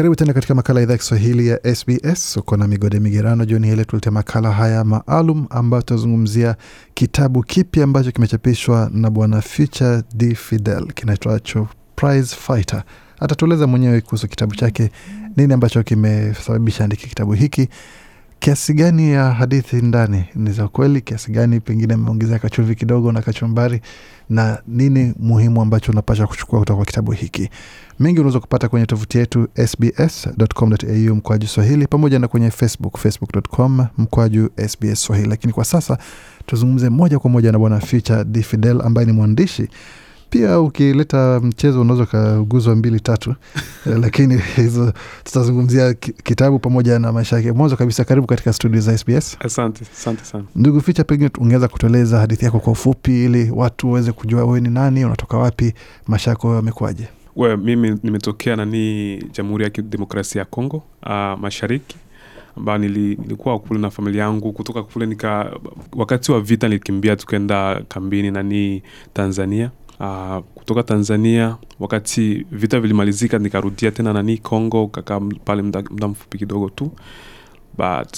Karibu tena katika makala ya idhaa ya Kiswahili ya SBS. Uko na Migode Migerano jioni hile, tuletea makala haya maalum ambayo tunazungumzia kitabu kipya ambacho kimechapishwa na Bwana Ficha D Fidel kinaitwacho Prize Fighter. Atatueleza mwenyewe kuhusu kitabu chake, nini ambacho kimesababisha andike kitabu hiki kiasi gani ya hadithi ndani ni za ukweli kiasi gani pengine ameongezea kachuvi kidogo na kachumbari, na nini muhimu ambacho unapasha kuchukua kutoka kwa kitabu hiki. Mengi unaweza kupata kwenye tovuti yetu sbs.com.au mkoaju Swahili, pamoja na kwenye Facebook, facebook.com mkoaju SBS Swahili. Lakini kwa sasa tuzungumze moja kwa moja na Bwana Future D Fidel ambaye ni mwandishi pia ukileta mchezo unaweza ukaguzwa mbili tatu eh, lakini hizo tutazungumzia kitabu pamoja na maisha yake. Mwanzo kabisa, karibu katika studio za SBS. Asante, asante sana ndugu Ficha, pengine ungeweza kutueleza hadithi yako kwa ufupi, ili watu waweze kujua wewe ni nani, unatoka wapi, maisha yako amekuaje We, mimi nimetokea nani Jamhuri ya Kidemokrasia ya congo uh, ah, mashariki ambayo nili, nilikuwa kule na familia yangu kutoka kule nika, wakati wa vita nilikimbia tukaenda kambini nani Tanzania uh, kutoka Tanzania wakati vita vilimalizika, nikarudia tena nani congo kakaa pale muda mfupi kidogo tu, but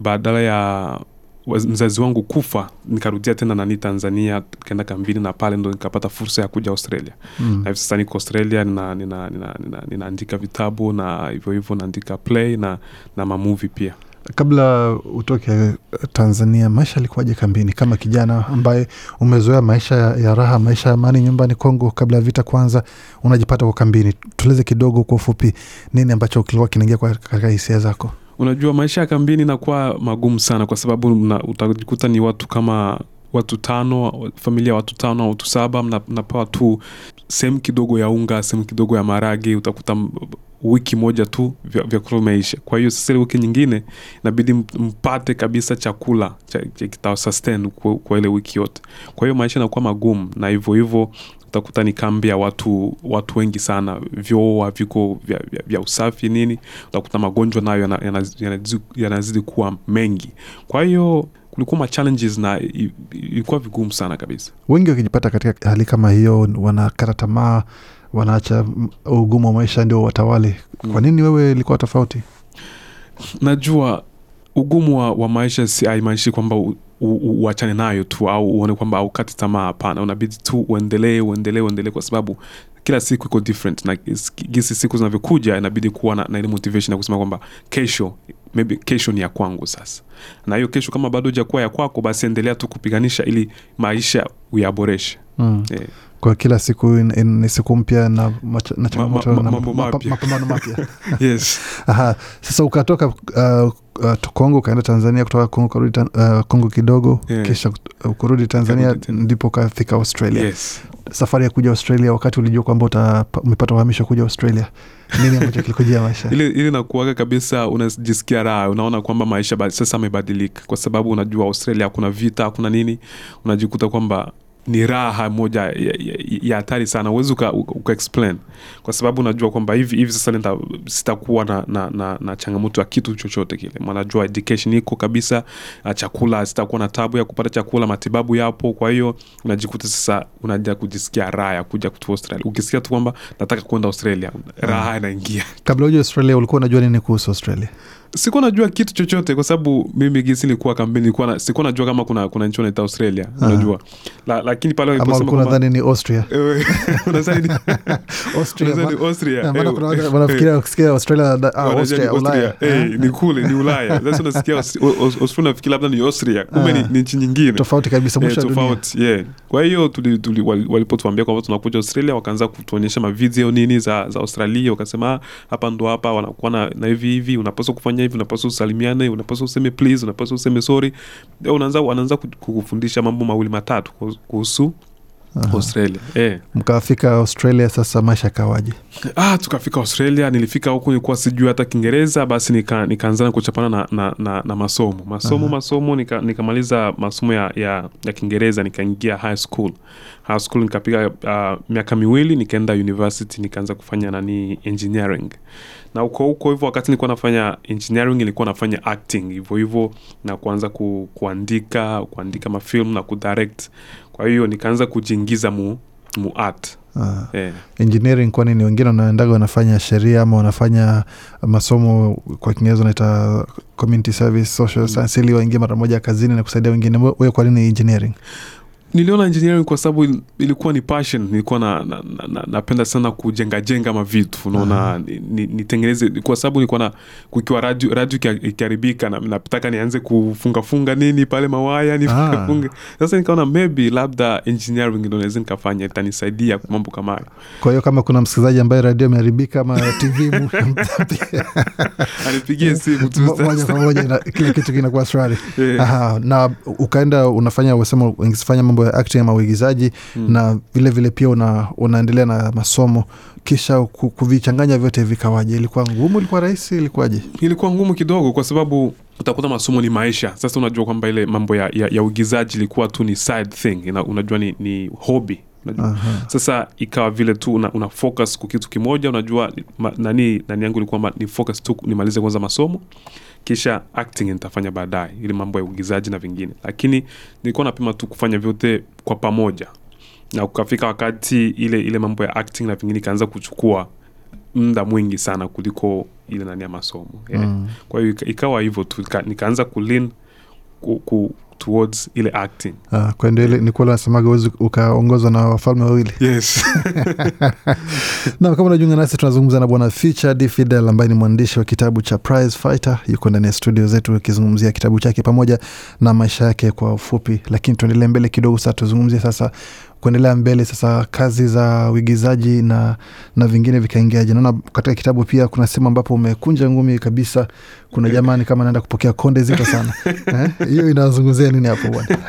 baadala ya mzazi wangu kufa nikarudia tena nani Tanzania, kaenda kambini na pale ndo nikapata fursa ya kuja Australia mm. na hivi sasa niko Australia ninaandika nina, nina, nina, nina vitabu na hivyo hivyo naandika play na, na mamuvi pia. Kabla utoke eh, Tanzania, maisha alikuwaje kambini, kama kijana ambaye umezoea maisha ya raha, maisha ya amani nyumbani Kongo kabla ya vita kwanza, unajipata kwa kambini? Tueleze kidogo kwa ufupi, nini ambacho kilikuwa kinaingia katika hisia zako? Unajua, maisha ya kambini inakuwa magumu sana, kwa sababu utajikuta ni watu kama watu tano, familia watu tano, watu saba, mnapewa tu sehemu kidogo ya unga, sehemu kidogo ya marage, utakuta wiki moja tu vyakula umeisha. Kwa hiyo sasa ile wiki nyingine inabidi mpate kabisa chakula cha, kita sustain kwa, kwa ile wiki yote. Kwa hiyo maisha inakuwa magumu na hivyo hivyo utakuta ni kambi ya watu watu wengi sana, vyoo haviko vya, vya, vya usafi nini, utakuta magonjwa nayo yanazidi yana, yana, yana kuwa mengi. Kwa hiyo kulikuwa ma challenges na ilikuwa vigumu sana kabisa. Wengi wakijipata katika hali kama hiyo wanakata tamaa wanaacha ugumu wa maisha ndio watawale. Kwa mm. nini wewe ilikuwa tofauti? Najua ugumu wa, wa maisha si haimaanishi kwamba uachane nayo tu au uone kwamba aukati tamaa. Hapana, unabidi tu uendelee, uendelee, uendelee kwa sababu kila siku iko different na gisi siku zinavyokuja inabidi kuwa na, na ile motivation ya kusema kwamba kesho maybe kesho ni ya kwangu sasa, na hiyo kesho kama bado ujakuwa ya kwako, basi endelea tu kupiganisha ili maisha uyaboreshe. mm. yeah kwa kila siku ni siku mpya na, mapambano mapya Sasa ukatoka uh, uh, Kongo ukaenda Tanzania, kutoka Kongo ukarudi uh, kidogo yeah. Kisha uh, kurudi Tanzania ndipo ukafika Australia yes. Safari ya kuja Australia, wakati ulijua kwamba umepata uhamisho kuja Australia nini ambacho kilikujia maisha ili, ili nakuaga kabisa, unajisikia raha, unaona kwamba maisha sasa amebadilika, kwa sababu unajua Australia kuna vita, kuna nini, unajikuta kwamba ni raha moja ya hatari sana, uwezi uka, uka kwa sababu unajua kwamba hivi hivi sasa sitakuwa na, na, na, na changamoto ya kitu chochote kile, manajua education iko kabisa, ah, chakula sitakuwa na tabu ya kupata chakula, matibabu yapo. Kwa hiyo unajikuta sasa unaja kujisikia raha ya kuja kutu Australia, ukisikia tu kwamba nataka kwenda Australia raha mm. inaingia. Kabla huja Australia ulikuwa unajua nini kuhusu Australia? sikuwa najua kitu chochote kwa sababu mimi gisi nilikuwa kambini nilikuwa na, sikuwa najua kama kuna, kuna nchi wanaita Australia unajua la, lakini pale waliposemadhani ni Austria ni kule ni Ulaya sasa unasikia Austria nafikiri labda ni Austria kumbe ni ah. nchi nyingine tofauti kabisa eh, mwisho tofauti yeah. kwa hiyo walipotuambia kwamba tunakuja Australia wakaanza kutuonyesha mavideo nini za, za Australia wakasema ah, hapa ndo hapa wanakuwa na hivi hivi unapaswa kufanya unafanya hivi, unapaswa usalimiane, unapaswa useme please, unapaswa useme sori eh, Unaanza anaanza kukufundisha mambo mawili matatu kuhusu Aha. Australia eh. Mkafika Australia sasa, maisha kawaje Ah, tukafika Australia, nilifika huku nikuwa sijui hata Kiingereza, basi nikaanzana nika na kuchapana na, na, na, na masomo masomo Aha. masomo nikamaliza nika masomo ya, ya, ya Kiingereza nikaingia high school high school nikapiga uh, miaka miwili nikaenda university nikaanza kufanya nani engineering na uko huko hivyo, wakati nilikuwa nafanya engineering nilikuwa nafanya acting hivyo hivyo, na kuanza ku, kuandika kuandika mafilm na kudirect. Kwa hiyo nikaanza kujiingiza mu, mu art Yeah. Eh. Engineering kwani ni wengine wanaendaga wanafanya sheria ama wanafanya masomo kwa Kiingereza unaita community service social mm. science, ili waingie mara moja kazini na kusaidia wengine. we kwa nini engineering? niliona engineering kwa sababu ilikuwa ni passion, nilikuwa na, na, na, na, napenda sana kujengajenga mavitu unaona, nitengeneze ni, ni kwa sababu nilikuwa na kukiwa radio, radio ikiharibika na, napitaka nianze kufungafunga nini pale mawaya nifungefunge. Ah. Sasa nikaona maybe labda engineering ndo naweza nikafanya itanisaidia mambo kama hayo. Kwa hiyo kama kuna msikilizaji ambaye radio imeharibika ama TV anipigie eh, simu tu moja kwa moja, kile kitu kinakuwa shwari. Eh. Na ukaenda unafanya wasema, ungefanya mambo mambo ya acting ama uigizaji mm. na vilevile vile pia una, unaendelea na masomo kisha kuvichanganya vyote vikawaje? Ilikuwa ngumu? Ilikuwa rahisi? Ilikuwaje? Ilikuwa ngumu kidogo, kwa sababu utakuta masomo ni maisha. Sasa unajua kwamba ile mambo ya, ya, ya uigizaji ilikuwa tu ni side thing Ina, unajua ni, ni hobi Sasa ikawa vile tu una, una focus kwa kitu kimoja, unajua ma, nani nani yangu ilikuwa ni focus tu nimalize kwanza masomo kisha acting nitafanya baadaye, ili mambo ya uigizaji na vingine, lakini nilikuwa napima tu kufanya vyote kwa pamoja, na ukafika wakati ile ile mambo ya acting na vingine ikaanza kuchukua muda mwingi sana kuliko ile nani ya masomo yeah. mm. Kwa hiyo ikawa hivyo tu nikaanza ku, towards ile acting ah, kwa ndio ile nasemaga uwezi ukaongozwa na wafalme wawili yes na kama unajiunga nasi tunazungumza na bwana d Fidel ambaye ni mwandishi wa kitabu cha Prize Fighter yuko ndani ya studio zetu akizungumzia kitabu chake pamoja na maisha yake kwa ufupi lakini tuendelee mbele kidogo sasa tuzungumzie sasa kuendelea mbele sasa kazi za uigizaji na, na vingine vikaingiaje? Naona katika kitabu pia kuna sehemu ambapo umekunja ngumi kabisa, kuna jamani kama naenda kupokea konde zito sana eh, hiyo eh? inazungumzia nini hapo bwana?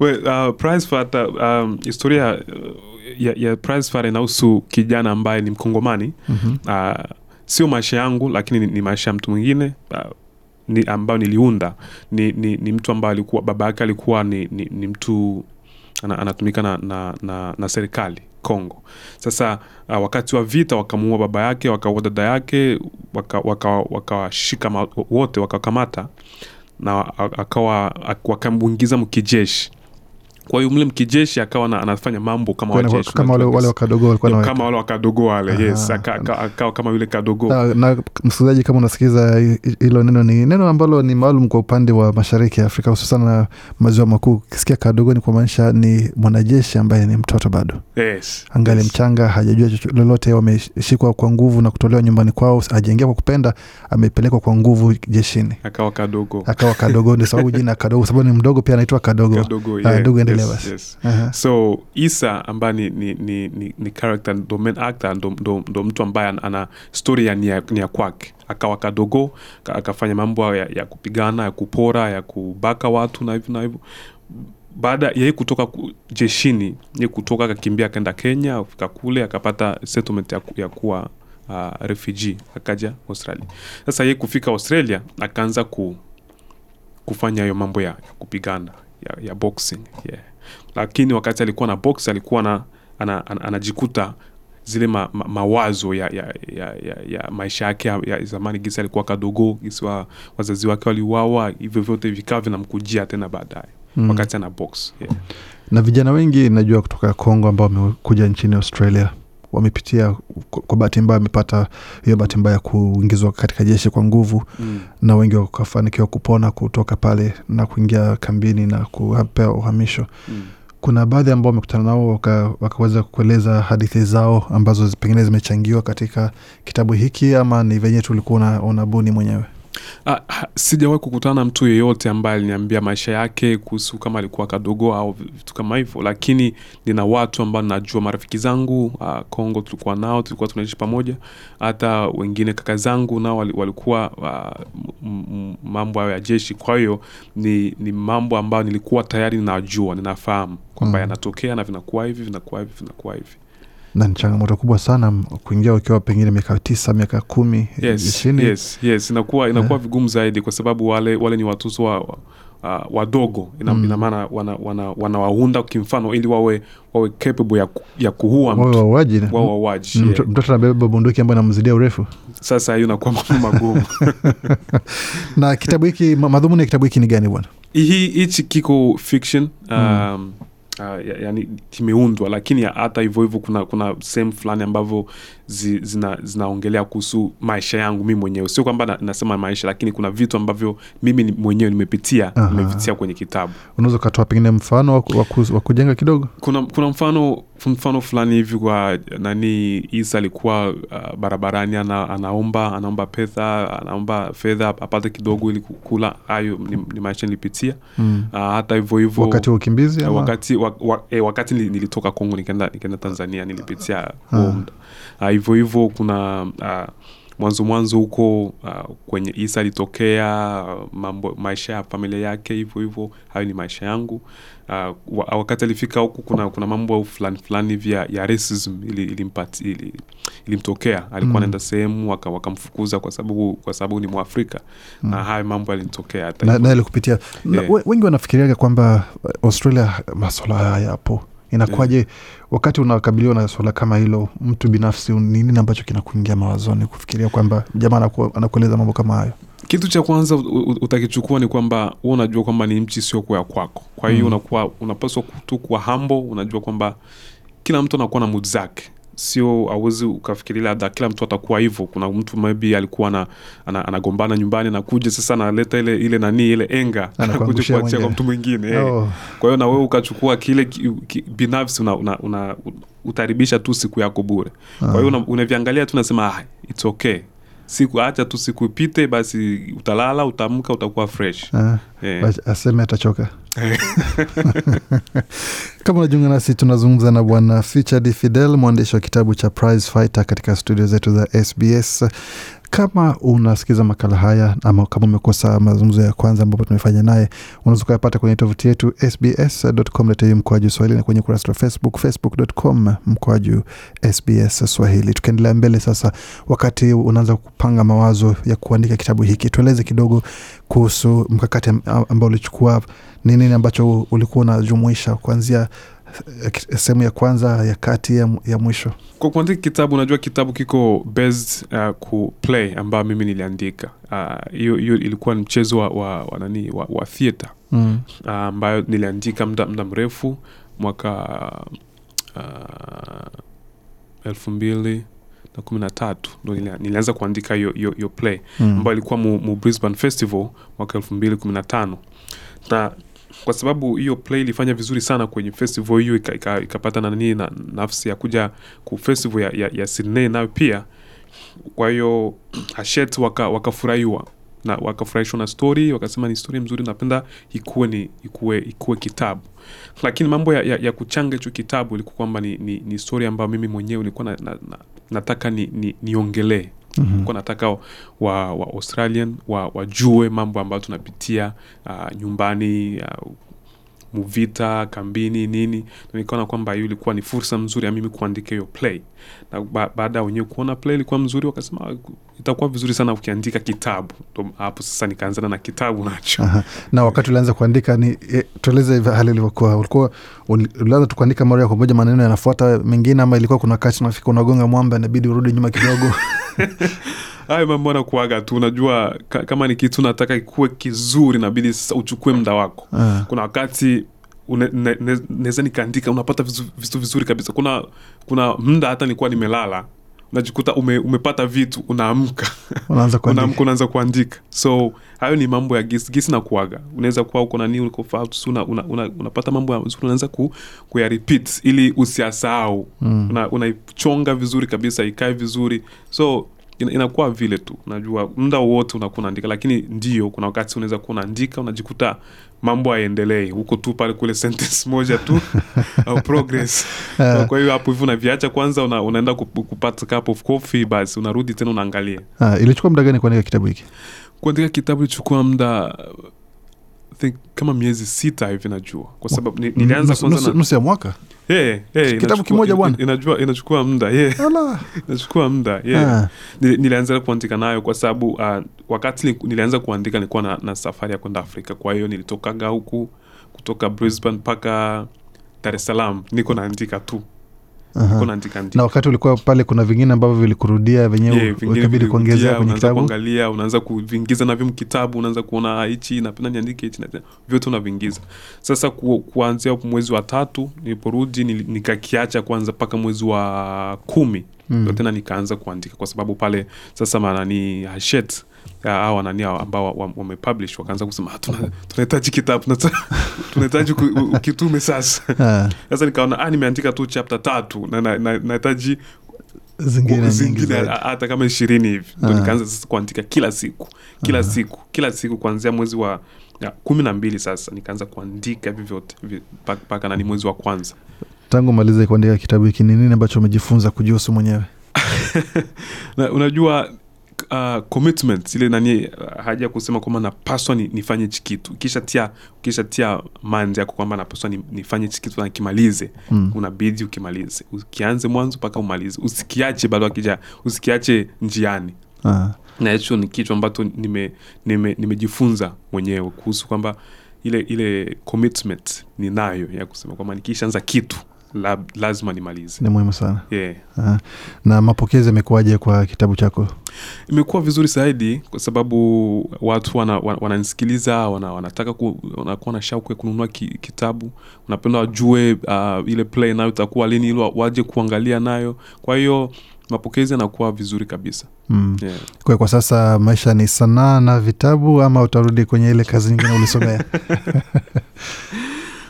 Well, uh, uh, um, historia uh, ya, ya Pricefighter inahusu kijana ambaye ni Mkongomani mm -hmm. uh, sio maisha yangu lakini ni, ni maisha ya mtu mwingine uh, ni ambayo niliunda ni, ni, ni mtu ambaye alikuwa baba yake alikuwa ni, ni, ni mtu anatumika na, na, na, na serikali Kongo. Sasa uh, wakati wa vita wakamuua baba yake, wakaua dada yake, wakawashika waka, waka wote wakakamata na akawa wakamwingiza mkijeshi kwa hiyo mle mkijeshi akawa anafanya mambo kama kama wale, wale wakadogo kama wale wakadogo wale yes akawa kama yule kadogo na, na msikilizaji kama unasikiliza hilo neno ni neno ambalo ni maalum kwa upande wa mashariki ya afrika hususan na maziwa makuu ukisikia kadogo ni kumaanisha ni mwanajeshi ambaye ni mtoto bado yes, angali yes. mchanga hajajua lolote wameshikwa kwa nguvu na kutolewa nyumbani kwao hajaingia kwa kupenda amepelekwa kwa nguvu jeshini akawa kadogo akawa kadogo ni sababu jina kadogo sababu ni mdogo pia anaitwa kadogo kadogo, yeah. kadogo Universe. Yes. Uh-huh. So Isa ambaye ni, ni, ni, ni, ni character ndo main actor ndo, ndo, ndo mtu ambaye ana story ya ni ya, ya kwake akawa kadogo akafanya mambo ya, ya kupigana ya kupora ya kubaka watu na hivyo na hivyo baada yai kutoka jeshini ye kutoka akakimbia akaenda kenya afika kule akapata settlement ya, ya kuwa uh, refugee akaja australia sasa ye kufika australia akaanza ku, kufanya hayo mambo ya, ya kupigana ya, ya boxing yeah lakini wakati alikuwa na box alikuwa anajikuta ana, ana, ana zile ma, ma, mawazo ya, ya, ya, ya, ya maisha yake ya, ya zamani, gisi alikuwa kadogo, gisi wa, wazazi wake waliuawa, hivyo vyote vikawa vinamkujia tena baadaye mm. wakati ana box yeah. na vijana wengi najua kutoka Kongo ambao wamekuja nchini Australia wamepitia kwa bahati mbaya, wamepata hiyo bahati mbaya ya kuingizwa katika jeshi kwa nguvu mm. na wengi wakafanikiwa kupona kutoka pale na kuingia kambini na kupewa uhamisho mm. Kuna baadhi ambao wamekutana nao wakaweza waka kueleza hadithi zao ambazo pengine zimechangiwa katika kitabu hiki, ama ni venye tulikuwa unabuni mwenyewe. Ah, ah, sijawahi kukutana mtu yeyote ambaye aliniambia maisha yake kuhusu kama alikuwa kadogo au vitu kama hivyo, lakini nina watu ambao najua marafiki zangu, ah, Kongo tulikuwa nao, tulikuwa tunaishi pamoja, hata wengine kaka zangu nao walikuwa ah, mambo ya jeshi. Kwa hiyo ni, ni mambo ambayo nilikuwa tayari ninajua, ninafahamu kwamba mm. yanatokea na vinakuwa hivi, vinakuwa hivi, vinakuwa hivi na ni changamoto kubwa sana kuingia ukiwa pengine miaka tisa miaka kumi yes, ishirini yes, yes. inakuwa, eh. inakuwa yeah. vigumu zaidi kwa sababu wale, wale ni watoto wa, uh, wadogo ina, mm. ina maana wanawaunda wana, wana kimfano ili wawe wawe capable ya, ya kuua wauaji mm. Mm, yeah. mtoto anabeba bunduki ambayo namzidia urefu sasa hiyo inakuwa mambo magumu na kitabu hiki madhumuni ya kitabu hiki ni gani bwana hichi kiko fiction mm. um, mm uh, yani kimeundwa, lakini hata hivyo hivyo kuna kuna sehemu fulani ambavyo zi, zina, zinaongelea kuhusu maisha yangu mimi mwenyewe, sio kwamba na, nasema maisha, lakini kuna vitu ambavyo mimi mwenyewe nimepitia nimepitia kwenye kitabu. Unaweza ukatoa pengine mfano wa kujenga kidogo? Kuna, kuna mfano mfano fulani hivi kwa nani, Isa alikuwa uh, barabarani ana, anaomba anaomba pesa anaomba fedha apate kidogo ili kula. Hayo ni, ni maisha nilipitia mm. uh, hata hivyo hivyo wakati wa ukimbizi wakati wa, eh, wakati nilitoka Kongo nikaenda Tanzania nilipitia ah. huo muda ah, hivyo hivyo kuna uh, mwanzo mwanzo huko uh, kwenye Isa alitokea uh, mambo, maisha ya familia yake hivyo hivyo. Hayo ni maisha yangu. Uh, wakati alifika huku kuna, kuna mambo fulani fulani hivi ya racism ilimtokea ili ili, ili alikuwa mm. anaenda mm. sehemu wakamfukuza waka kwa sababu kwa sababu ni Mwafrika mm. na hayo mambo yalimtokea na, na eh. wengi wanafikiriaga kwamba Australia maswala haya yapo inakuwaje? yeah. Wakati unakabiliwa na swala kama hilo, mtu binafsi, ni nini ambacho kinakuingia mawazoni kufikiria kwamba jamaa anakueleza mambo kama hayo? Kitu cha kwanza utakichukua ni kwamba wewe unajua kwamba ni mchi sio ya kwako, kwa hiyo mm. unakuwa unapaswa tu kuwa unajua kwamba kila mtu anakuwa na mood zake sio awezi ukafikiria labda kila mtu atakuwa hivyo. Kuna mtu maybe alikuwa anagombana ana, ana nyumbani nakuja sasa analeta ile, ile nani ile enga anakuja kuachia kwa mtu mwingine oh. Kwa hiyo na wewe ukachukua kile ki, ki, binafsi una, una, una, utaribisha tu siku yako bure. Kwa ah. hiyo unaviangalia tu nasema ah, it's okay siku acha tu siku ipite, basi utalala, utamka, utakuwa fresh. Ah, eh. Aseme atachoka eh. kama unajiunga nasi, tunazungumza na Bwana Richard Fidel, mwandishi wa kitabu cha Prize Fighter katika studio zetu za SBS. Kama unasikiza makala haya ama kama umekosa mazungumzo ya kwanza ambapo tumefanya naye, unaweza ukayapata kwenye tovuti yetu sbs.com.au mkoaju swahili na kwenye ukurasa wa Facebook facebook.com mkoaju sbs swahili. tukaendelea mbele sasa, wakati unaanza kupanga mawazo ya kuandika kitabu hiki, tueleze kidogo kuhusu mkakati ambao ulichukua. Ni nini ambacho ulikuwa unajumuisha kuanzia Eh, sehemu ya kwanza ya kati ya, ya mwisho kwa kuandika kitabu unajua kitabu kiko based uh, ku play ambayo mimi niliandika uh, hiyo uh, ilikuwa ni mchezo wa, wa, wa, nani, wa, wa theatre mm. Uh, ambayo uh, niliandika mda, mda mrefu mwaka uh, elfu mbili na kumi na tatu ndo nilianza kuandika hiyo play mm. ambayo ilikuwa mu, mu Brisbane festival mwaka elfu mbili kumi na tano na kwa sababu hiyo play ilifanya vizuri sana kwenye festival hiyo, ikapata ika, ika na na nafsi ya kuja ku festival ya, ya, ya Sydney nayo pia. Kwa hiyo Hachette wakafurahiwa waka na wakafurahishwa na story, wakasema ni story mzuri, napenda ikuwe ni ikuwe ikuwe kitabu. Lakini mambo ya, ya, ya kuchanga hicho kitabu ilikuwa kwamba ni, ni, ni story ambayo mimi mwenyewe nilikuwa na, na, na, nataka ni, ni, niongelee mm -hmm. nataka wa, wa Australian wa, wajue mambo ambayo tunapitia uh, nyumbani uh, muvita kambini nini, na nikaona kwamba hiyo ilikuwa ni fursa mzuri ya mimi kuandika hiyo play, na ba baada ya wenyewe kuona play ilikuwa mzuri, wakasema ah, itakuwa vizuri sana ukiandika kitabu. Hapo sasa nikaanzana na kitabu nacho. Aha. Na wakati ulianza kuandika ni e, tueleze hali ilivyokuwa. Ulikuwa ulianza tu kuandika mara ya kwa moja, maneno yanafuata mengine, ama ilikuwa kuna kachi nafika unagonga mwamba, inabidi urudi nyuma kidogo haya mambo anakuaga tu unajua kama ni kitu nataka ikuwe kizuri nabidi sasa uchukue muda wako uh. kuna wakati naweza ne, nikaandika unapata vitu vizuri kabisa kuna kuna mda hata nilikuwa nimelala unajikuta ume, umepata vitu unaamka unaamka kuandika. unaanza kuandika so hayo ni mambo ya gisi gisi na kuaga unaweza kuwa uko nani ulikofaa una, una, una, unapata mambo mzuri unaanza ku, kuya repeat ili usiasahau mm. unaichonga una vizuri kabisa ikae vizuri so inakuwa vile tu, najua muda wote unakuwa unaandika, lakini ndio kuna wakati unaweza kuwa unaandika unajikuta mambo aendelei huko tu pale kule sentence moja tu au progress uh, kwa hiyo hapo hivyo unaviacha kwanza, una, unaenda kupata cup of coffee, basi unarudi tena unaangalia. Uh, ilichukua muda gani kuandika kitabu hiki? Kuandika kitabu ilichukua muda think kama miezi sita hivi najua kwa sababu mm, nilianza kwanza nusu ya mwaka yeah, yeah, kitabu kimoja bwana inajua inachukua muda yeah. inachukua muda yeah. Ah. nilianza kuandika nayo kwa sababu uh, wakati nilianza kuandika nilikuwa na, na safari ya kwenda afrika kwa hiyo nilitokaga huku kutoka brisbane mpaka dar es salaam niko naandika tu na wakati ulikuwa pale kuna vingine ambavyo vilikurudia venyewe kuongezea kwenye kitabu unaanza kuvingiza navyo mkitabu unaanza kuona hichi napenda niandike hichi vyote unavingiza sasa ku, kuanzia mwezi wa tatu niliporudi nikakiacha kwanza mpaka mwezi wa kumi mm. tena nikaanza kuandika kwa sababu pale sasa manani Hachette au nani uh, ambao wamepublish wakaanza kusema ah, tunahitaji kitabu tunahitaji kitume sasa. Ah. Sasa nikaona ah, nimeandika tu chapta tatu na nahitaji zingine zingine hata kama ishirini hivi, ndo ah. nikaanza sasa kuandika kila siku kila Aha. siku kila siku kuanzia mwezi wa kumi na mbili sasa nikaanza kuandika hivi vyote mpaka nani mwezi wa kwanza tangu malize kuandika kitabu hiki, ni nini ambacho umejifunza kujihusu mwenyewe? Na, unajua uh, commitment ile nani uh, haja kusema kwamba napaswa ni, nifanye hichi kitu ukishatia ukishatia manzi yako kwamba napaswa ni, nifanye hichi kitu nakimalize mm. unabidi ukimalize ukianze mwanzo mpaka umalize usikiache bado akija usikiache njiani ah. na hicho ni kitu ambacho nimejifunza nime, nime mwenyewe kuhusu kwamba ile ile commitment ninayo ya kusema kwamba nikishaanza kitu lab, lazima nimalize. Ni muhimu sana yeah. Na mapokezi yamekuwaje kwa kitabu chako? Imekuwa vizuri zaidi kwa sababu watu wananisikiliza wana, wana wanataka ku, wanakuwa na shauku ya kununua ki, kitabu, wanapenda wajue uh, ile play nayo itakuwa lini ili waje kuangalia nayo, kwa hiyo mapokezi yanakuwa vizuri kabisa mm. Yeah. Kwa, kwa sasa maisha ni sanaa na vitabu ama utarudi kwenye ile kazi nyingine ulisomea?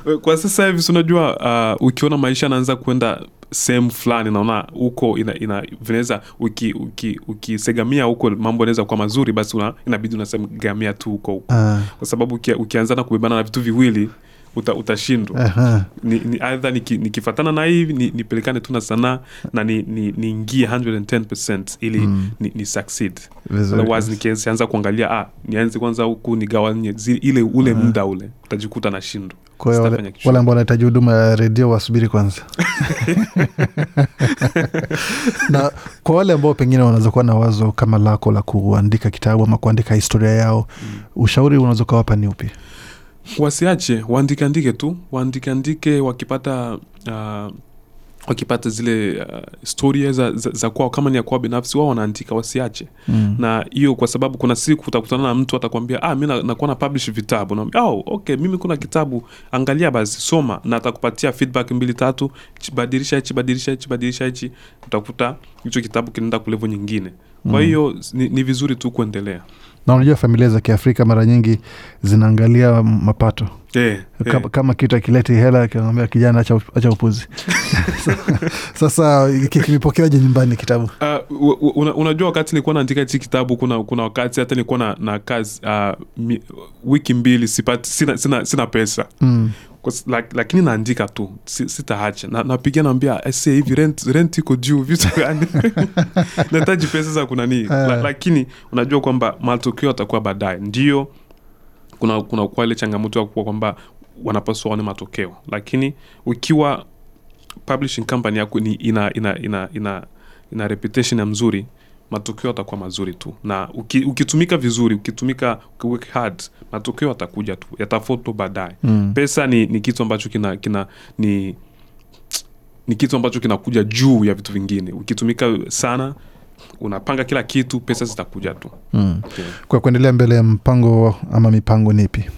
Eh, kwa sasa hivi unajua, uh, ukiona maisha anaanza kuenda sehemu fulani, naona huko vinaweza ukisegamia uki, uki huko mambo anaweza kuwa mazuri, basi una, inabidi unasegamia tu huko huko uh. Kwa sababu uki, ukianzana kubebana na vitu viwili uta, utashindwa ni, ni aidha nikifatana ni na hii nipelekane ni tu na sanaa na niingie ni, ni 110 ili mm. ni, ni succeed otherwise nikianza kuangalia ah, nianze kwanza huku nigawanye ile ule muda ule utajikuta nashindwa kwa wale ambao wanahitaji huduma ya redio wasubiri kwanza na kwa wale ambao pengine wanaweza kuwa na wazo kama lako la kuandika kitabu ama kuandika historia yao mm. ushauri unaweza ukawapa ni upi? Wasiache waandikeandike tu, waandikeandike wakipata uh, wakipata zile uh, storia za, za, za kwao kama ni ya kwao binafsi wao wanaandika wasiache mm. na hiyo kwa sababu kuna siku utakutana na mtu atakwambia ah, mi nakuwa na publish vitabu na, oh, okay mimi kuna kitabu angalia basi soma na atakupatia feedback mbili tatu chibadilisha hichi badirisha hichi badilisha hichi utakuta hicho kitabu kinaenda kulevo nyingine kwa mm. hiyo mm. ni, ni vizuri tu kuendelea na unajua familia za kiafrika mara nyingi zinaangalia mapato yeah, kama, yeah. kama kitu akileti hela kinamwambia kijana acha, acha upuzi sasa kimepokeaje nyumbani kitabu uh, una, unajua wakati nilikuwa naandika hichi kitabu kuna, kuna wakati hata nilikuwa na, na kazi uh, mi, wiki mbili sipati sina, sina, sina pesa mm lakini naandika tu sitaacha na, napigia naambia eh, se hivi rent, rent iko juu vitu gani nahitaji pesa za kunanii uh. La, lakini unajua kwamba matokio atakuwa baadaye ndio kuna, kuna kwa ile changamoto ya kuwa kwamba wanapaswa waone matokeo, lakini ukiwa publishing company yako ina, ina, ina, ina, ina, ina reputation ya mzuri matokeo yatakuwa mazuri tu, na uki, ukitumika vizuri, ukitumika ukiwork hard, matokeo yatakuja tu, yatafoto baadaye mm. Pesa ni, ni kitu ambacho kina, kina ni, ni kitu ambacho kinakuja juu ya vitu vingine ukitumika sana unapanga kila kitu, pesa zitakuja tu mm. Okay. Kwa kuendelea mbele, mpango ama mipango ni ipi?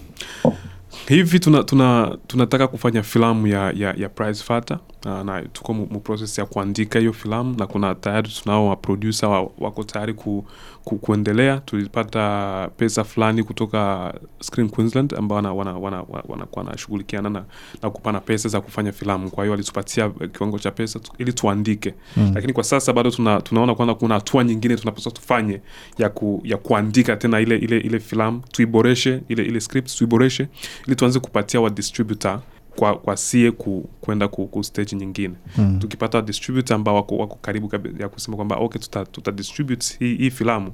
Hivi tunataka tuna, tuna kufanya filamu ya, ya, ya Prize Fighter na, na tuko mu process ya kuandika hiyo filamu na kuna tayari tunao waproducer wa, wako tayari ku, ku, kuendelea. Tulipata pesa fulani kutoka Screen Queensland ambao wanakuwa wana, wana, wana wanashughulikiana na, na kupana pesa za kufanya filamu, kwa hiyo walitupatia kiwango cha pesa ili tuandike mm. Lakini kwa sasa bado tuna, tunaona kwamba kuna hatua nyingine tunapaswa tufanye ya, ku, ya kuandika tena ile, ile, ile filamu tuiboreshe, ile, ile script tuiboreshe ili tuanze kupatia wa distributor kwa, kwa sie ku, kwenda ku, ku stage nyingine mm. Tukipata distributor ambao wako, wako karibu ya kusema kwamba okay, tuta, tuta distribute hii, hii filamu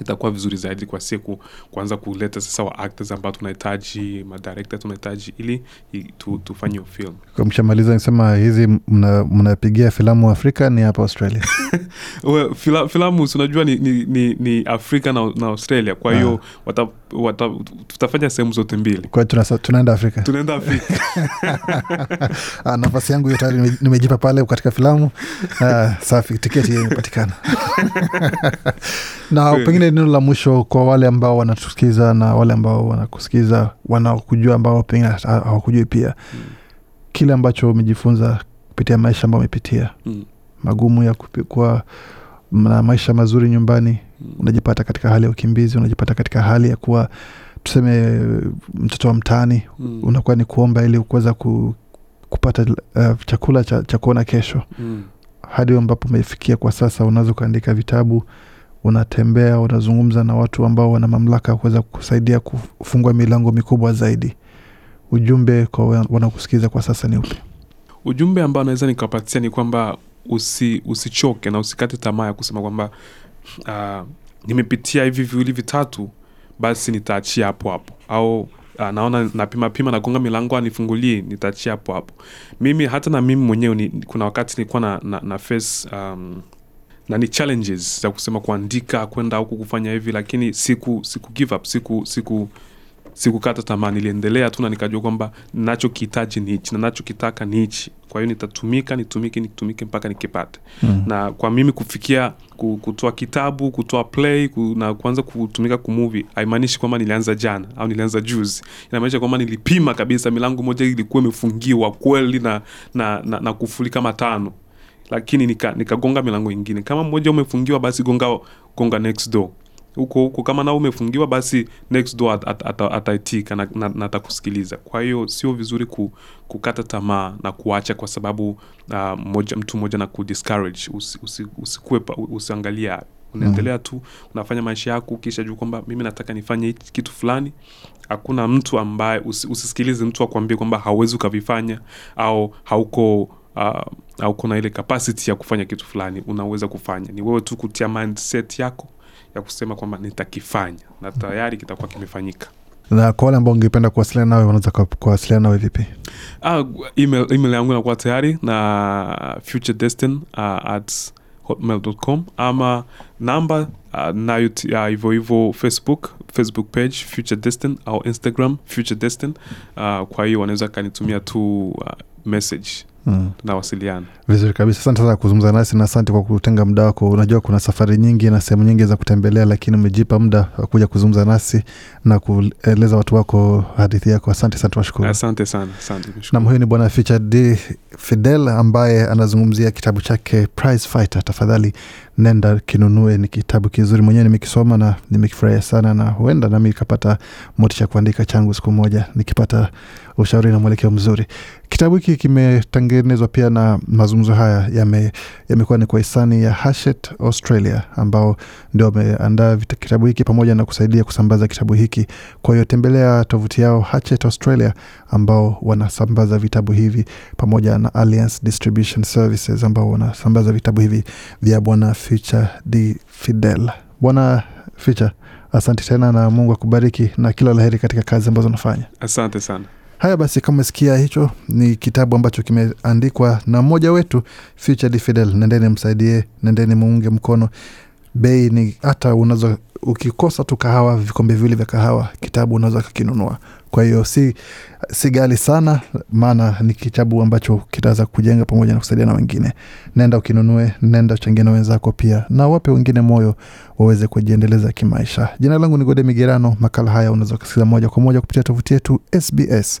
itakuwa vizuri zaidi kwa siku kuanza kuleta sasa wa actors ambao tunahitaji madirekta tunahitaji ili tu, tufanye hiyo film. Mshamaliza nisema hizi mnapigia mna filamu Afrika ni hapa Australia? well, fila, filamu unajua ni, ni, ni, ni Afrika na, na Australia, kwa hiyo ah. tutafanya sehemu zote mbili. Kwa hiyo tunaenda Afrika, tunaenda Afrika. Ah, nafasi yangu hiyo tayari nimejipa pale katika filamu. Uh, safi, tiketi imepatikana na pengine neno la mwisho kwa wale ambao wanatusikiza na wale ambao wanakusikiza wanaokujua ambao pengine hawakujui pia mm. kile ambacho umejifunza kupitia maisha ambayo umepitia mm. magumu ya kupikwa na maisha mazuri nyumbani mm. unajipata katika hali ya ukimbizi unajipata katika hali ya kuwa tuseme mtoto wa mtaani mm. unakuwa ni kuomba ili kuweza ku, kupata uh, chakula cha, cha kuona kesho mm. hadi ambapo umefikia kwa sasa unaweza ukaandika vitabu unatembea, unazungumza na watu ambao wana mamlaka kuweza kusaidia kufungua milango mikubwa zaidi. Ujumbe kwa wanakusikiza kwa sasa ni upi? Ujumbe ambao naweza nikawapatia ni kwamba usi, usichoke na usikate tamaa ya kusema kwamba uh, nimepitia hivi viwili vitatu, basi nitaachia hapo hapo au uh, naona napimapima nagonga milango anifungulie, nitaachia hapo hapo. Mimi hata na mimi mwenyewe kuna wakati nilikuwa na, na, na face um, na ni challenges za kusema kuandika kwenda huku kufanya hivi, lakini siku siku give up, siku siku sikukata tamaa, niliendelea tu na nikajua kwamba nachokihitaji ni hichi na nachokitaka ni hichi, kwa hiyo nitatumika nitumike nitumike mpaka nikipate. mm. na kwa mimi kufikia kutoa kitabu kutoa play ku, na kuanza kutumika kumuvi haimaanishi kwamba nilianza jana au nilianza juzi, inamaanisha kwamba nilipima kabisa, milango moja ilikuwa imefungiwa kweli na, na, na, na kufulika matano lakini nikagonga nika milango ingine. Kama mmoja umefungiwa, basi gonga gonga next door huko huko. Kama nao umefungiwa, basi next door at, at, ataitika at, na atakusikiliza. Kwa hiyo sio vizuri ku, kukata tamaa na kuacha kwa sababu uh, ah, moja, mtu mmoja na kudiscourage. Usikue usi, usi, usi unaendelea mm. tu unafanya maisha yako, kisha juu kwamba mimi nataka nifanye kitu fulani. Hakuna mtu ambaye usisikilize mtu akwambie kwamba hauwezi ukavifanya au hauko uh, au kuna ile capacity ya kufanya kitu fulani, unaweza kufanya. Ni wewe tu kutia mindset yako ya kusema kwamba nitakifanya na tayari kitakuwa kimefanyika. Na kwa wale ambao ungependa kuwasiliana nawe, wanaweza kuwasiliana nawe vipi? Uh, email, email yangu inakuwa tayari na future destin uh, at hotmail.com ama namba uh, nayo uh, hivyo hivyo facebook facebook page future destin au instagram future destin uh, kwa hiyo wanaweza kanitumia tu uh, message Mm. vizuri kabisa asante sana kuzungumza nasi na asante kwa kutenga muda wako unajua kuna safari nyingi na sehemu nyingi za kutembelea lakini umejipa muda wa kuja kuzungumza nasi na kueleza watu wako hadithi yako asante sana tunashukuru asante sana asante nam huyu ni bwana ficha d fidel ambaye anazungumzia kitabu chake prize fighter tafadhali nenda kinunue. Ni kitabu kizuri, mwenyewe nimekisoma na nimekifurahia sana, na huenda nami nikapata motisha kuandika changu siku moja nikipata ushauri na mwelekeo mzuri. Kitabu hiki kimetengenezwa pia na mazungumzo haya yamekuwa yame ni kwa hisani ya Hachette Australia, ambao ndio wameandaa kitabu hiki pamoja na kusaidia kusambaza kitabu hiki. Kwa hiyo tembelea tovuti yao Hachette Australia, ambao wanasambaza vitabu hivi pamoja na Alliance Distribution Services, ambao wanasambaza vitabu hivi vya Bwana Ficha Di Fidel. Bwana Ficha, asante tena na Mungu akubariki na kila laheri katika kazi ambazo unafanya. Asante sana. Haya basi, kama sikia, hicho ni kitabu ambacho kimeandikwa na mmoja wetu Ficha Di Fidel. Nendeni msaidie, nendeni muunge mkono. Bei ni hata unaweza ukikosa tu kahawa, vikombe viwili vya kahawa, kitabu unaweza kakinunua. Kwa hiyo si, si gali sana, maana ni kitabu ambacho kitaweza kujenga pamoja na kusaidia na wengine. Nenda ukinunue, nenda uchangie na wenzako pia, na wape wengine moyo waweze kujiendeleza kimaisha. Jina langu ni Gode Migerano. Makala haya unaweza kusikiliza moja kwa moja kupitia tovuti yetu SBS